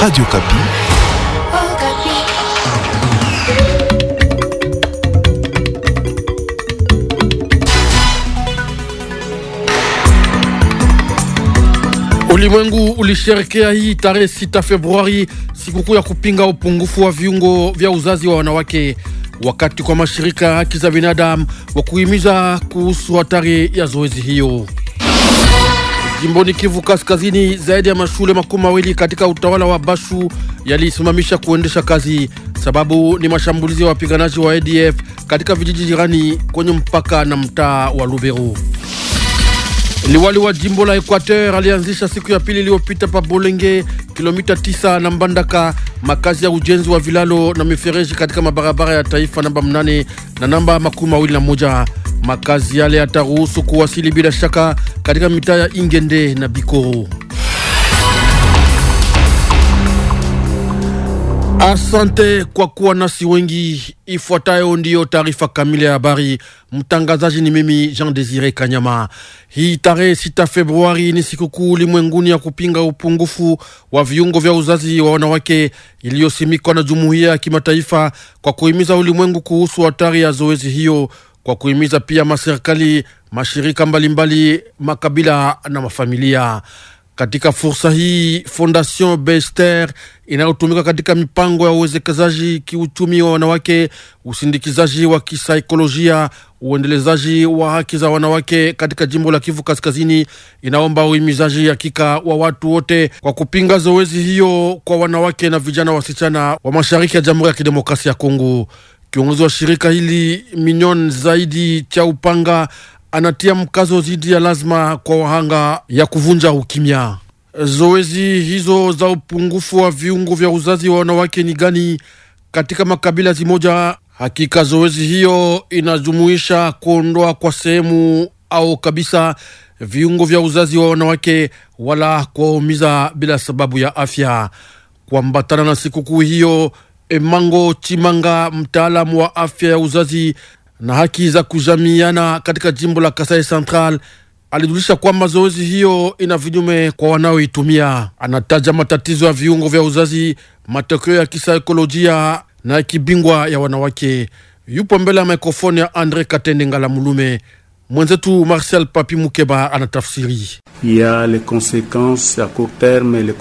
Radio Kapi. Ulimwengu ulisherekea hii tarehe 6 Februari sikukuu ya kupinga upungufu wa viungo vya uzazi wa wanawake, wakati kwa mashirika ya haki za binadamu wa kuhimiza kuhusu hatari ya zoezi hiyo. Jimboni Kivu Kaskazini, zaidi ya mashule makumi mawili katika utawala wa Bashu yalisimamisha kuendesha kazi. Sababu ni mashambulizi ya wapiganaji wa ADF katika vijiji jirani kwenye mpaka na mtaa wa Lubero. Liwali wa jimbo la Equateur alianzisha siku ya pili iliyopita pa Bolenge, kilomita 9 na Mbandaka makazi ya ujenzi wa vilalo na mifereji katika mabarabara ya taifa namba mnane na namba makumi mawili na moja. Makazi yale yataruhusu kuwasili bila shaka katika mitaa ya Ingende na Bikoro. Asante kwa kuwa nasi wengi. Ifuatayo ndiyo taarifa kamili ya habari. Mtangazaji ni mimi Jean Desire Kanyama. Hii tarehe 6 Februari ni sikukuu ulimwenguni ya kupinga upungufu wa viungo vya uzazi wa wanawake iliyosimikwa na jumuiya ya kimataifa kwa kuhimiza ulimwengu kuhusu hatari ya zoezi hiyo, kwa kuhimiza pia maserikali, mashirika mbalimbali mbali, makabila na mafamilia katika fursa hii Fondation Bester inayotumika katika mipango ya uwezekezaji kiuchumi wa wanawake, usindikizaji wa kisaikolojia, uendelezaji wa haki za wanawake katika jimbo la Kivu Kaskazini inaomba uhimizaji hakika wa watu wote kwa kupinga zoezi hiyo kwa wanawake na vijana wasichana wa mashariki ya Jamhuri ya Kidemokrasia ya Kongo. Kiongozi wa shirika hili Minyon Zaidi cha Upanga anatia mkazo dhidi ya lazima kwa wahanga ya kuvunja ukimya. Zoezi hizo za upungufu wa viungo vya uzazi wa wanawake ni gani katika makabila zimoja? Hakika zoezi hiyo inajumuisha kuondoa kwa sehemu au kabisa viungo vya uzazi wa wanawake wala kuwaumiza bila sababu ya afya. Kuambatana na sikukuu hiyo, Emango Chimanga, mtaalamu wa afya ya uzazi, na haki za kujamiana katika jimbo la Kasai Central alijulisha kwamba zoezi hiyo ina vinyume kwa wanaoitumia. Anataja matatizo ya viungo vya uzazi, matokeo ya kisaikolojia na kibingwa ya wanawake. Yupo mbele ya mikrofoni ya Andre Katende Ngala Mulume. Mwenzetu Marcel Papi Mukeba anatafsiri. les a court terme et les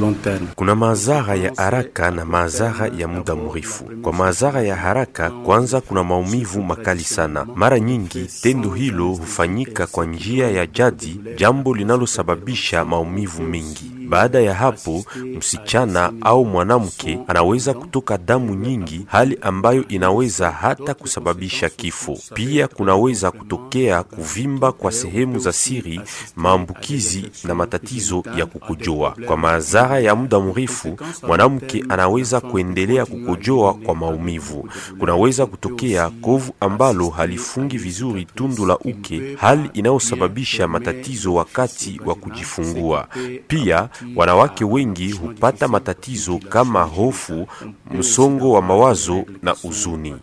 long terme. Kuna mazara ya haraka na mazara ya muda mrefu. Kwa mazara ya haraka, kwanza kuna maumivu makali sana. Mara nyingi tendo hilo hufanyika kwa njia ya jadi, jambo linalosababisha maumivu mengi. Baada ya hapo, msichana au mwanamke anaweza kutoka damu nyingi, hali ambayo inaweza hata kusababisha kifo. Pia kunaweza kutokea kuvimba kwa sehemu za siri, maambukizi na matatizo ya kukojoa. Kwa madhara ya muda mrefu, mwanamke anaweza kuendelea kukojoa kwa maumivu. Kunaweza kutokea kovu ambalo halifungi vizuri tundu la uke, hali inayosababisha matatizo wakati wa kujifungua. Pia wanawake wengi hupata matatizo kama hofu, msongo wa mawazo na huzuni.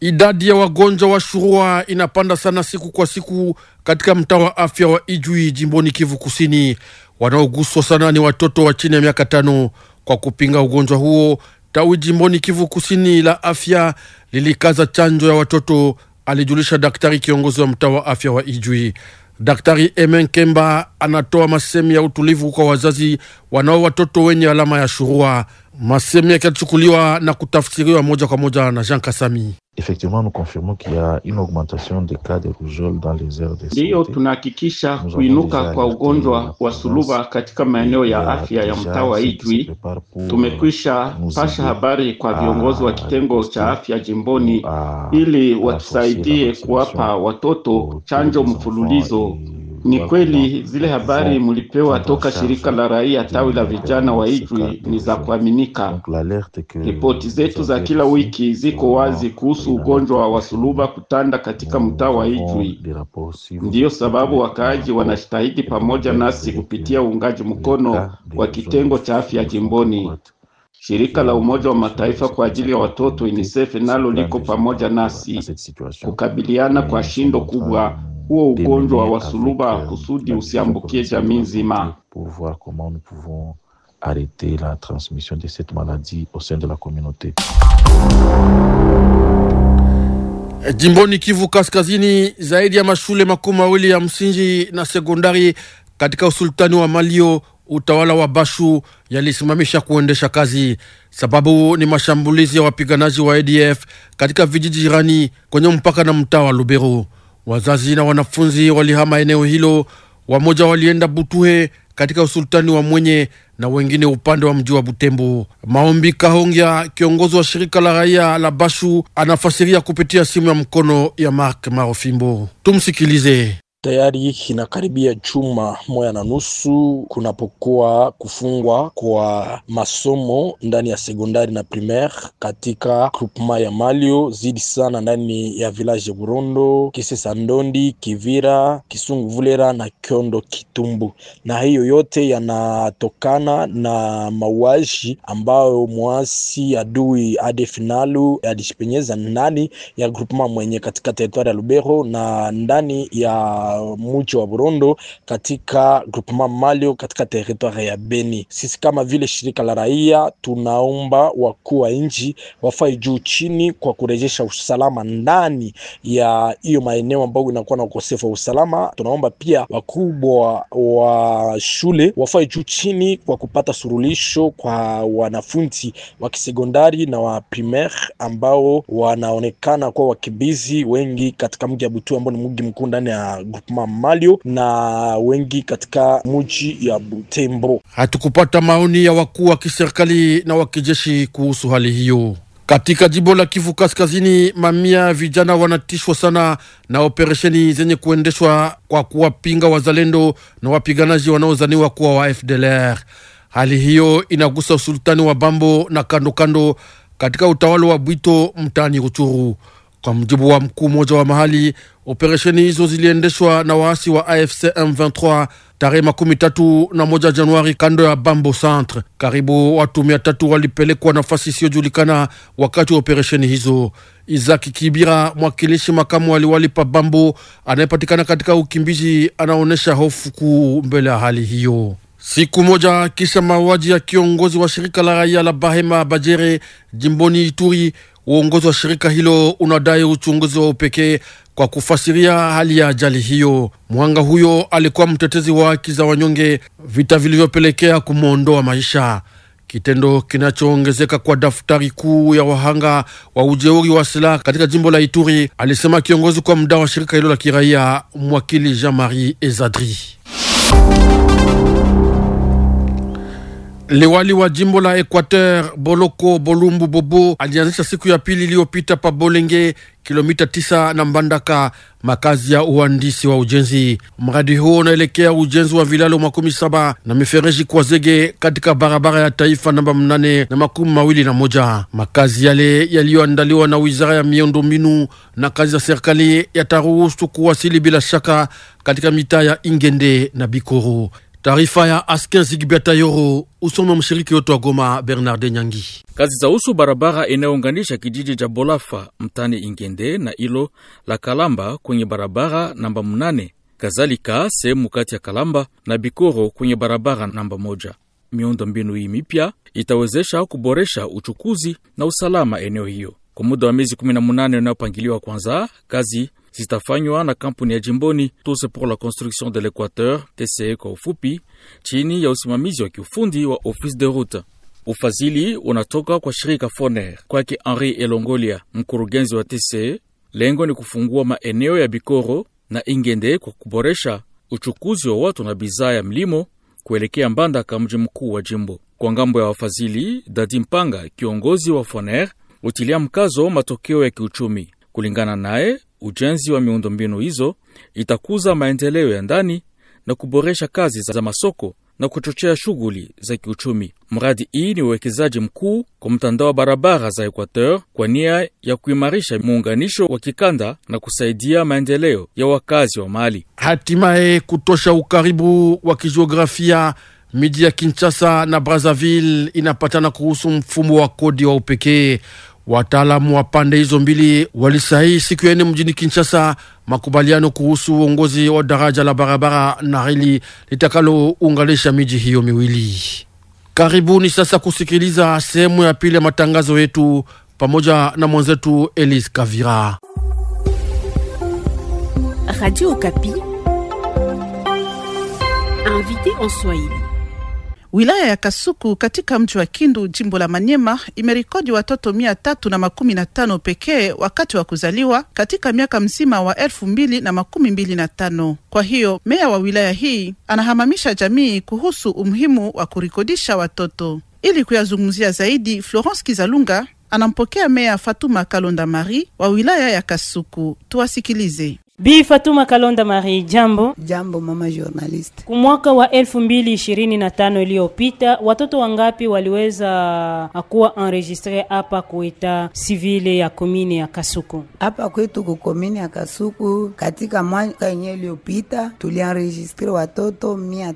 Idadi ya wagonjwa wa shurua inapanda sana siku kwa siku katika mtaa wa afya wa Ijwi jimboni Kivu Kusini. Wanaoguswa sana ni watoto wa chini ya miaka tano. Kwa kupinga ugonjwa huo, tawi jimboni Kivu Kusini la afya lilikaza chanjo ya watoto, alijulisha daktari kiongozi wa mtaa wa afya wa Ijwi. Daktari Emen Kemba anatoa masemi ya utulivu kwa wazazi wanao watoto wenye alama ya shurua. Masemi yakachukuliwa na kutafsiriwa moja kwa moja na Jean Kasami. Effectivement, nous confirmons qu'il y a une augmentation des cas de rougeole dans les aires de santé. Ndiyo, tunahakikisha kuinuka kwa ugonjwa wa suluba katika maeneo ya afya ya mtaa wa Itwi. Euh, Tumekwisha pasha habari kwa viongozi wa kitengo cha afya jimboni ili watusaidie kuwapa watoto chanjo mfululizo ni kweli zile habari mulipewa toka shirika la raia tawi la vijana wa Ijwi ni za kuaminika. Ripoti zetu za kila wiki ziko wazi kuhusu ugonjwa wa suluba kutanda katika mtaa wa Ijwi. Ndiyo sababu wakaaji wanashitahidi pamoja nasi kupitia uungaji mkono wa kitengo cha afya jimboni. Shirika la Umoja wa Mataifa kwa ajili ya watoto UNICEF nalo liko pamoja nasi kukabiliana kwa shindo kubwa huo ugonjwa wa suluba euh, kusudi usiambukie jamii nzima. arrêter la transmission de cette maladie au sein de la communauté. Jimboni Kivu Kaskazini, zaidi ya mashule makumi mawili ya msingi na sekondari katika usultani wa Malio, utawala wa Bashu yalisimamisha kuendesha kazi. Sababu ni mashambulizi ya wapiganaji wa ADF katika vijiji jirani kwenye mpaka na mtaa wa Lubero. Wazazi na wanafunzi walihama eneo hilo, wamoja walienda Butuhe katika usultani wa Mwenye na wengine upande wa mji wa Butembo. Maombi Kahongya, kiongozi wa shirika la raia la Bashu, anafasiria kupitia simu ya mkono ya Mark Marofimbo. Tumsikilize. Tayari inakaribia chuma moja na nusu kunapokuwa kufungwa kwa masomo ndani ya sekondari na primaire katika groupema ya Malio, zidi sana ndani ya village Burondo, Kisesa, Ndondi, Kivira, Kisunguvulera na Kiondo Kitumbu, na hiyo yote yanatokana na mauaji ambayo mwasi adui ADF finalu alijipenyeza ndani ya groupema mwenye katika teritwari ya Lubero na ndani ya mji wa Burundo katika groupement Malio katika territoire ya Beni. Sisi kama vile shirika la raia tunaomba wakuu wa nchi wafai juu chini kwa kurejesha usalama ndani ya hiyo maeneo ambayo inakuwa na ukosefu wa usalama. Tunaomba pia wakubwa wa shule wafai juu chini kwa kupata surulisho kwa wanafunzi wa kisekondari na wa primaire ambao wanaonekana kuwa wakibizi wengi katika mji wa Butu ambao ni mji mkuu ndani ya Departement Malio na wengi katika muji ya Butembo. Hatukupata maoni ya wakuu wa kiserikali na wa kijeshi kuhusu hali hiyo. Katika jimbo la Kivu Kaskazini, mamia vijana wanatishwa sana na operesheni zenye kuendeshwa kwa kuwapinga wazalendo na wapiganaji wanaozaniwa kuwa wa FDLR. Hali hiyo inagusa usultani wa Bambo na kandokando kando katika utawala wa Bwito mtaani Ruchuru. Kwa mjibu wa mkuu mmoja wa mahali, operesheni hizo ziliendeshwa na waasi wa AFC M23 tarehe makumi tatu na moja Januari kando ya Bambo Centre. Karibu watu mia tatu walipelekwa nafasi isiyojulikana wakati wa operesheni hizo. Izaki Kibira, mwakilishi makamu pa Bambo anayepatikana katika ukimbizi, anaonyesha hofu kuu mbele ya hali hiyo. Siku moja kisha mauaji ya kiongozi wa shirika la raia la Bahema Bajere jimboni Ituri, Uongozi wa shirika hilo unadai uchunguzi wa upekee kwa kufasiria hali ya ajali hiyo. Mhanga huyo alikuwa mtetezi wa haki za wanyonge, vita vilivyopelekea kumwondoa maisha, kitendo kinachoongezeka kwa daftari kuu ya wahanga wa ujeuri wa silaha katika jimbo la Ituri, alisema kiongozi kwa muda wa shirika hilo la kiraia, mwakili Jean Marie Ezadri. Liwali wa jimbo la Equateur Boloko Bolumbu Bobo alianzisha siku ya pili iliyopita pa Bolenge, kilomita tisa na Mbandaka, makazi ya uhandisi wa ujenzi. Mradi huo unaelekea ujenzi wa vilalo makumi saba na mifereji kwa zege katika barabara ya taifa namba mnane na makumi mawili na moja. Makazi yale yaliyoandaliwa na wizara ya mbinu na kazi za serikali yataruhusu kuwasili bila shaka katika mitaa ya Ingende na Bikoro. Taarifa ya Askin Zigbia Tayoro Usoma mshiriki wetu wa Goma Bernard Nyangi. Kazi za usu barabara inayounganisha kijiji cha Bolafa mtani Ingende na ilo la Kalamba kwenye barabara namba mnane, kazalika sehemu kati ya Kalamba na Bikoro kwenye barabara namba moja. Miundo mbinu hii mipya itawezesha kuboresha uchukuzi na usalama eneo hiyo kwa muda wa miezi 18 unayopangiliwa. Kwanza kazi zitafanywa na kampuni ya jimboni Tous pour la Construction de l'Equateur, TCE kwa ufupi, chini ya usimamizi wa kiufundi wa Office de Route. Ufadhili unatoka kwa shirika Foner. Kwake Henri Elongolia, mkurugenzi wa TCE, lengo ni kufungua maeneo ya Bikoro na Ingende kwa kuboresha uchukuzi wa watu na bidhaa ya mlimo kuelekea Mbandaka, mji mkuu wa jimbo. Kwa ngambo ya wafadhili, Dadi Mpanga, kiongozi wa Foner, hutilia mkazo matokeo ya kiuchumi. Kulingana naye Ujenzi wa miundombinu hizo itakuza maendeleo ya ndani na kuboresha kazi za masoko na kuchochea shughuli za kiuchumi. Mradi hii ni uwekezaji mkuu kwa mtandao wa barabara za Equateur kwa nia ya kuimarisha muunganisho wa kikanda na kusaidia maendeleo ya wakazi wa Mali. Hatimaye, kutosha ukaribu wa kijiografia, miji ya Kinshasa na Brazzaville inapatana kuhusu mfumo wa kodi wa upekee Wataalamu wa pande hizo mbili walisaini siku ya nne mjini Kinshasa makubaliano kuhusu uongozi wa daraja la barabara na reli litakalounganisha miji hiyo miwili. Karibuni sasa kusikiliza sehemu ya pili ya matangazo yetu pamoja na mwenzetu Elise Kavira. Radio Okapi, invité en Swahili. Wilaya ya Kasuku katika mji wa Kindu jimbo la Manyema imerekodi watoto mia tatu na makumi na tano pekee wakati wa kuzaliwa katika miaka mzima wa elfu mbili na makumi mbili na tano. Kwa hiyo meya wa wilaya hii anahamamisha jamii kuhusu umuhimu wa kurekodisha watoto. Ili kuyazungumzia zaidi, Florence Kizalunga anampokea meya Fatuma Kalonda Mari wa wilaya ya Kasuku. Tuwasikilize. Bi Fatuma Kalonda Mari, jambo. Jambo mama journalist. Kwa mwaka wa 2025 iliyopita watoto wangapi waliweza ah, kuwa enregistre hapa kuita civile ya komini ya Kasuku? Hapa kwetu ku komini ya Kasuku katika mwaka yenyewe iliyopita tulienregistre watoto mia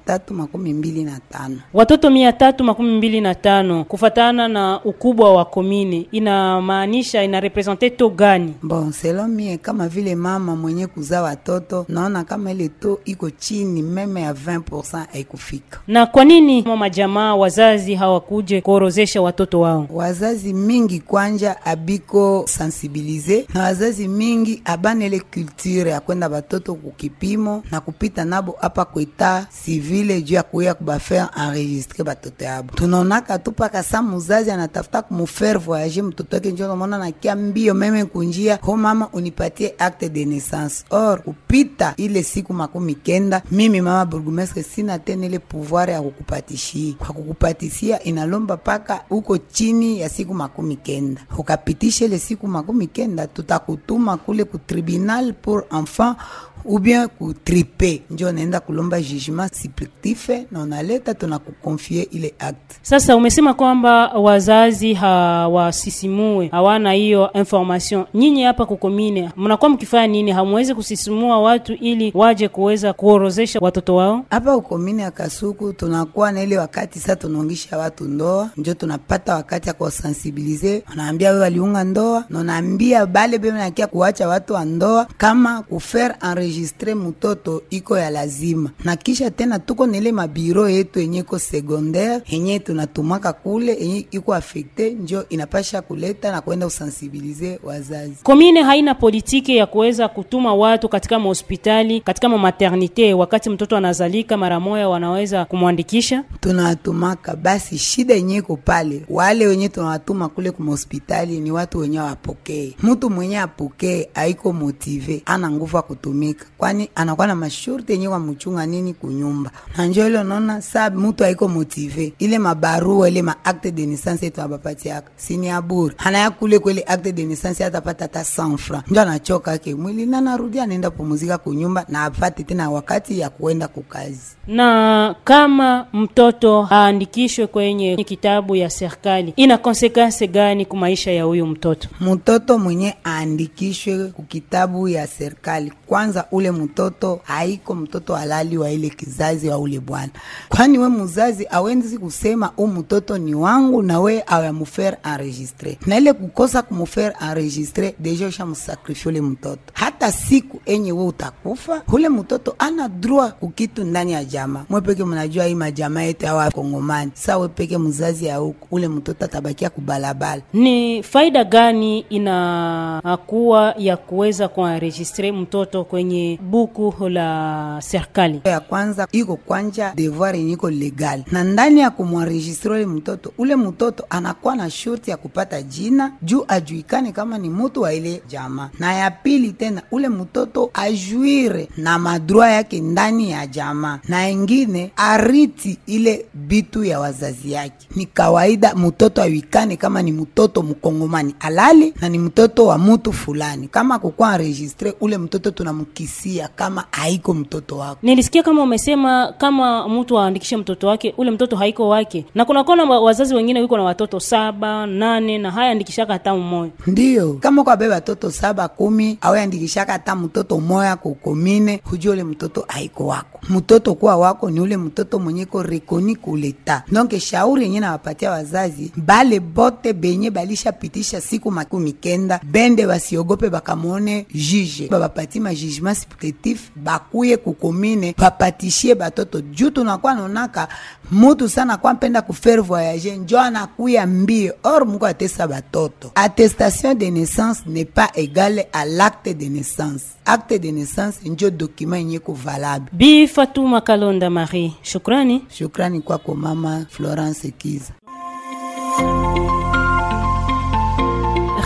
watoto mia kufatana na ukubwa wa komini, inamaanisha inarepresente to gani? Bon, selon mie kama vile mama mwenye kuzaa watoto, naona kama ile to iko chini meme ya 20% haikufika. Na kwa nini mama jamaa wazazi hawakuje kuorozesha watoto wao? Wazazi mingi kwanja abiko sensibilize, na wazazi mingi abana ile kulture ya kwenda batoto kukipimo na kupita nabo hapa kuita sivile juu ya kuya kubafaire enregistre batoto yabo. Tunaonaka tu paka sa muzazi anatafuta kumufere voyage mtoto wake, njo namona nakia mbio meme kunjia ho, mama unipatie acte de naissance Or kupita ile siku makumi kenda, mimi mama burgumestre sina tena ile pouvoir ya kukupatishia. Kwa kukupatishia inalomba paka uko chini ya siku makumi kenda, ukapitisha ile siku makumi kenda, tutakutuma kule ku tribunal pour enfant ou bien kutripe, njo naenda kulomba jugement subjectif na unaleta tunakukonfie ile act. Sasa umesema kwamba wazazi hawasisimue, hawana hiyo information. Nyinyi hapa kukomine mnakuwa mkifanya nini? Hamwezi kusisimua watu ili waje kuweza kuorozesha watoto wao? Hapa kukomine Akasuku tunakuwa na ile wakati sasa, tunaongisha watu ndoa, njo tunapata wakati ya kuwasensibilize. Unaambia we waliunga ndoa na unaambia bale benakia kuacha watu wa ndoa kama kufaire kuenregistre mutoto iko ya lazima, na kisha tena tuko nele mabiro yetu yenye iko secondaire yenye tunatumaka kule yenye iko afekte, njo inapasha kuleta na kwenda usensibilize wazazi. Komine haina politiki ya kuweza kutuma watu katika mahospitali katika mamaternite, wakati mtoto anazalika mara moya wanaweza kumwandikisha, tunawatumaka basi. Shida yenye iko pale, wale wenye tunawatuma kule kumahospitali ni watu wenye wapokee, mtu mwenye apokee aiko motive, ana nguvu ya kutumika kutumika, kwani anakuwa na mashurti yenye wamchunga nini kunyumba. Na njo ile unaona saa mtu haiko motive, ile mabarua ile ma acte de naissance yetu yako sini aburi anaya kule kwele acte de naissance atapata hata francs njo anachoka ke mwili na narudi anaenda pumuzika kunyumba na apate tena wakati ya kuenda kukazi. Na kama mtoto aandikishwe kwenye kitabu ya serikali, ina konsekansi gani maisha ya huyu mtoto? Mtoto mwenye aandikishwe kukitabu ya serikali kwanza ule mtoto haiko mtoto halali wa ile kizazi wa ule bwana, kwani we muzazi awenzi kusema u mtoto ni wangu na we awamufere enregistre, na ile kukosa kumufere enregistre deja ushamusakrifia ule mtoto. Hata siku enye we utakufa, ule mtoto ana droit kukitu ndani ya jamaa mwepeke. Mnajua hii majama yetu awa Kongomani, sa wepeke muzazi auku ule mtoto atabakia kubalabala. Ni faida gani inakuwa ah, ya kuweza kuanregistre mtoto kwenye kwenye buku la serikali. Ya kwanza iko kwanja devoir yenye iko legal, na ndani ya kumwanregistre ule mtoto, ule mtoto anakuwa na shurti ya kupata jina juu ajuikane kama ni mutu wa ile jamaa, na ya pili tena ule mtoto ajuire na madroa yake ndani ya jamaa, na ingine ariti ile bitu ya wazazi yake. Ni kawaida mtoto ajuikane kama ni mtoto mkongomani alali na ni mtoto wa mutu fulani, kama kukuwa enregistre ule mtoto tunamkisi hisia kama haiko mtoto wako. Nilisikia kama umesema kama mtu aandikishe mtoto wake, ule mtoto haiko wake, na kuna kona wazazi wengine wiko na watoto saba nane na haya andikishaka hata mmoja. ndio kama kwa beba watoto saba kumi aweandikishaka hata mtoto mmoja kukomine, hujua ule mtoto haiko wako. Mtoto kuwa wako ni ule mtoto mwenye ko rekoni kuleta donke. Shauri yenye nawapatia wazazi bale bote benye balishapitisha siku makumi kenda, bende wasiogope bakamwone jije babapati majijima performance collective bakuye kukomine bapatishie batoto juu tunakuwa nonaka mutu sana kwa mpenda kufaire voyager njo anakuya mbio or muko atesa batoto attestation de naissance n'est pas égale à l'acte de naissance acte de naissance njo document yenye valable. bi fatuma makalonda marie shukrani shukrani kwako mama florence kiza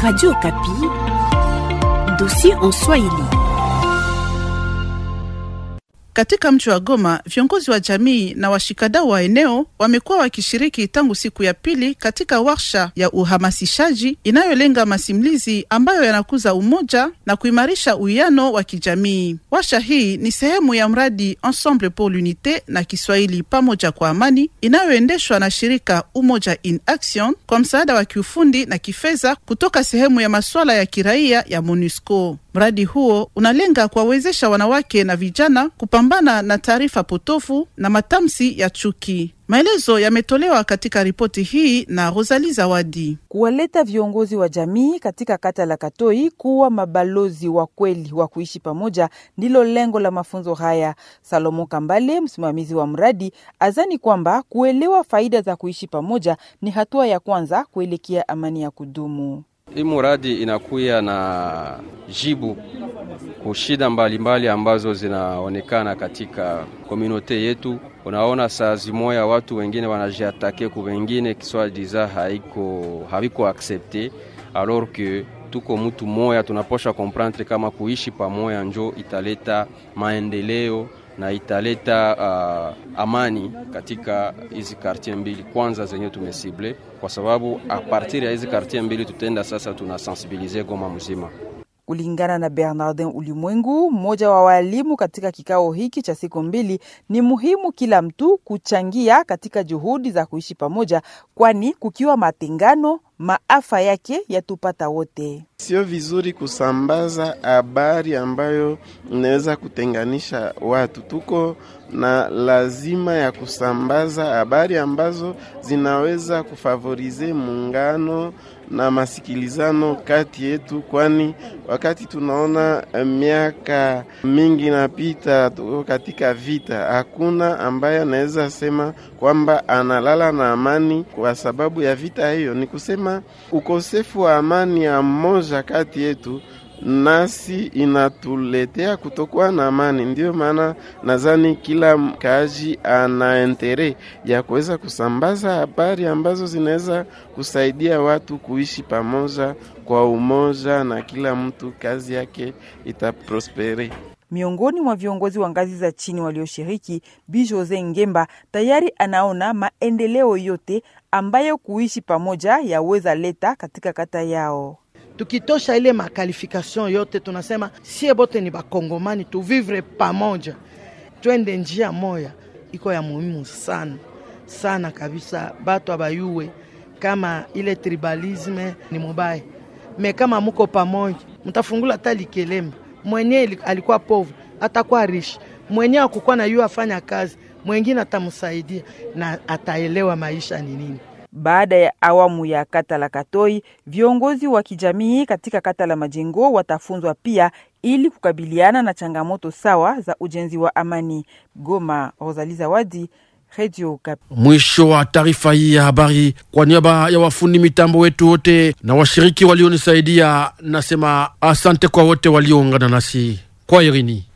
radio kapi dossier en swahili Katika mji wa Goma, viongozi wa jamii na washikadau wa eneo wamekuwa wakishiriki tangu siku ya pili katika warsha ya uhamasishaji inayolenga masimulizi ambayo yanakuza umoja na kuimarisha uwiano wa kijamii. Warsha hii ni sehemu ya mradi Ensemble pour l'unite na Kiswahili pamoja kwa amani inayoendeshwa na shirika Umoja in Action kwa msaada wa kiufundi na kifedha kutoka sehemu ya masuala ya kiraia ya MONUSCO. Mradi huo unalenga kuwawezesha wanawake na vijana kupambana na taarifa potofu na matamsi ya chuki. Maelezo yametolewa katika ripoti hii na Rosali Zawadi. Kuwaleta viongozi wa jamii katika kata la Katoi kuwa mabalozi wa kweli wa kuishi pamoja ndilo lengo la mafunzo haya. Salomo Kambale, msimamizi wa mradi, azani kwamba kuelewa faida za kuishi pamoja ni hatua ya kwanza kuelekea amani ya kudumu. Hii muradi inakuya na jibu kushida mbalimbali ambazo zinaonekana katika komunote yetu. Unaona, saa zimoya watu wengine wanajiatake ku wengine, kiswadiza haiko haviko aksepte alors que tuko mutu moya, tunaposha komprendre kama kuishi pamoya njo italeta maendeleo na italeta uh, amani katika hizi kartie mbili kwanza zenye tumesible, kwa sababu apartir ya hizi kartie mbili tutenda sasa tunasensibilize Goma mzima. Kulingana na Bernardin Ulimwengu, mmoja wa walimu katika kikao hiki cha siku mbili, ni muhimu kila mtu kuchangia katika juhudi za kuishi pamoja, kwani kukiwa matengano maafa yake yatupata wote. Sio vizuri kusambaza habari ambayo inaweza kutenganisha watu. Tuko na lazima ya kusambaza habari ambazo zinaweza kufavorize muungano na masikilizano kati yetu, kwani wakati tunaona eh, miaka mingi inapita tuko katika vita, hakuna ambaye anaweza sema kwamba analala na amani kwa sababu ya vita hiyo. Ni kusema ukosefu wa amani ya mmoja kati yetu nasi inatuletea kutokuwa na amani. Ndiyo maana nadhani kila mkaaji ana entere ya kuweza kusambaza habari ambazo zinaweza kusaidia watu kuishi pamoja kwa umoja, na kila mtu kazi yake itaprospere. Miongoni mwa viongozi wa ngazi za chini walioshiriki, Bi Jose Ngemba tayari anaona maendeleo yote ambayo kuishi pamoja yaweza leta katika kata yao. Tukitosha ile makalifikasyon yote, tunasema sie bote ni bakongomani, tuvivre pamoja, twende njia moya, iko ya muhimu sana sana kabisa. Batu abayuwe kama ile tribalisme ni mubaya, me kama muko pamoja, mtafungula hata likelembe. Mwenye alikuwa povu atakuwa rishi, mwenye akukuwa na yu afanya kazi, mwengine atamsaidia na ataelewa maisha ni nini. Baada ya awamu ya kata la Katoi, viongozi wa kijamii katika kata la Majengo watafunzwa pia ili kukabiliana na changamoto sawa za ujenzi wa amani. Goma, Rosali Zawadi, Radio Kapi. Mwisho wa taarifa hii ya habari, kwa niaba ya wafundi mitambo wetu wote na washiriki walionisaidia, nasema asante kwa wote walioungana nasi kwa irini.